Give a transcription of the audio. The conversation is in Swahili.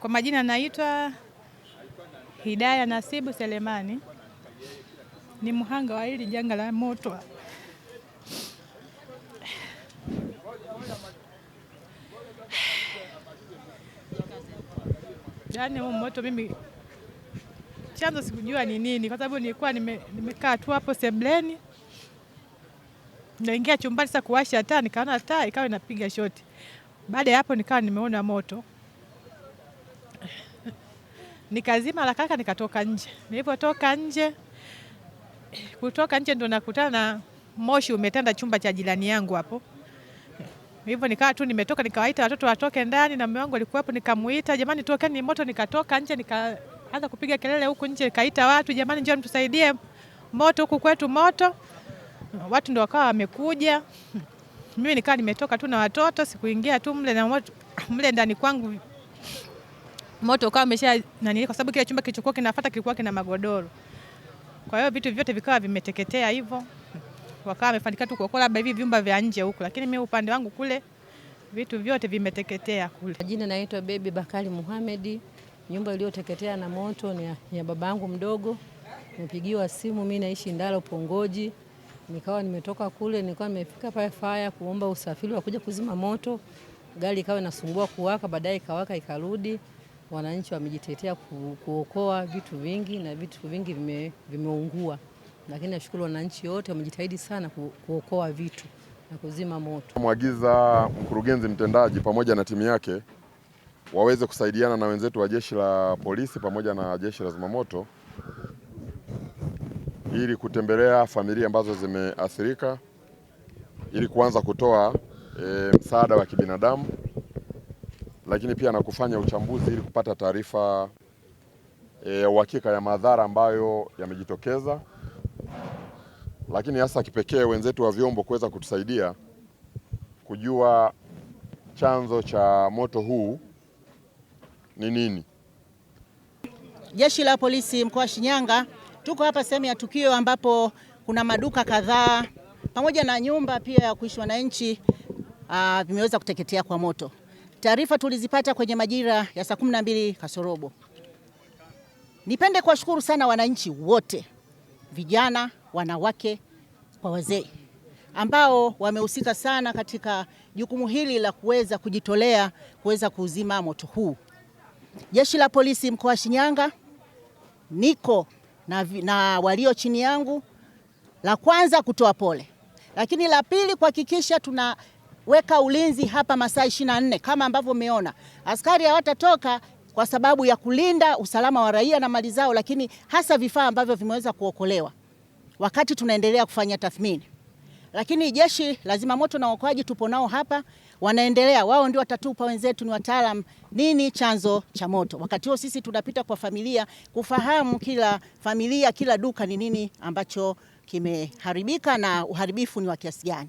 Kwa majina naitwa Hidaya Nasibu Selemani, ni mhanga wa hili janga la moto. Yaani huu moto mimi chanzo sikujua ni nini, kwa sababu nilikuwa nimekaa tu hapo sebleni, naingia chumbani sasa kuwasha taa, nikaona taa ikawa inapiga shoti. Baada ya hapo nikawa nimeona moto nikazima haraka nikatoka nje. Nilipotoka nje, kutoka nje ndo nakutana na moshi umetanda chumba cha jirani yangu hapo. Hivyo nikawa tu nimetoka nikawaita watoto watoke ndani na mume wangu alikuwa hapo, nikamuita, jamani, tokeni moto. Nikatoka nje nikaanza kupiga kelele huku nje, nikaita watu, jamani, njoo mtusaidie, moto huku kwetu, moto. Watu ndo wakawa wamekuja. Mimi nikawa nimetoka tu na watoto, sikuingia tu mle na mle ndani kwangu moto ukawa umesha nani, kwa sababu kile chumba kilichokuwa kinafuata kilikuwa kina magodoro, kwa hiyo vitu vyote vikawa vimeteketea hivyo. Wakawa wamefanikiwa tu kuokoa labda hivi vyumba vya nje huku, lakini mimi upande wangu kule vitu vyote vimeteketea kule. Jina naitwa Baby Bakari Muhamedi. Nyumba iliyoteketea na moto ni ya babangu mdogo, nimepigiwa simu. Mimi naishi Ndalo Pongoji, nikawa nimetoka kule, nilikuwa nimefika pale faya kuomba usafiri wa kuja kuzima moto. Gari ikawa inasumbua kuwaka, baadaye ikawaka ikarudi wananchi wamejitetea ku, kuokoa vitu vingi na vitu vingi vime, vimeungua, lakini nashukuru wananchi wote wamejitahidi sana ku, kuokoa vitu na kuzima moto. Mwagiza mkurugenzi mtendaji pamoja na timu yake waweze kusaidiana na wenzetu wa jeshi la polisi pamoja na jeshi la zimamoto ili kutembelea familia ambazo zimeathirika ili kuanza kutoa e, msaada wa kibinadamu lakini pia na kufanya uchambuzi ili kupata taarifa e, ya e, uhakika ya madhara ambayo yamejitokeza, lakini hasa kipekee wenzetu wa vyombo kuweza kutusaidia kujua chanzo cha moto huu ni nini. Jeshi la Polisi mkoa wa Shinyanga, tuko hapa sehemu ya tukio ambapo kuna maduka kadhaa pamoja na nyumba pia ya kuishi wananchi ah, vimeweza kuteketea kwa moto. Taarifa tulizipata kwenye majira ya saa 12 kasorobo. Nipende kuwashukuru sana wananchi wote, vijana, wanawake kwa wazee, ambao wamehusika sana katika jukumu hili la kuweza kujitolea kuweza kuuzima moto huu. Jeshi la polisi mkoa wa Shinyanga niko na, na walio chini yangu, la kwanza kutoa pole, lakini la pili kuhakikisha tuna weka ulinzi hapa masaa nne kama ambavyo umeona askari hawatatoka kwa sababu ya kulinda usalama wa raia na mali zao, lakini hasa vifaa ambavyo vimeweza kuokolewa wakati tunaendelea kufanya tathmini. Lakini jeshi la zimamoto na uokoaji tupo nao hapa, wanaendelea wao, ndio watatupa, wenzetu ni wataalam, nini chanzo cha moto. Wakati huo sisi tunapita kwa familia kufahamu kila familia, kila duka ni nini ambacho kimeharibika na uharibifu ni wa kiasi gani.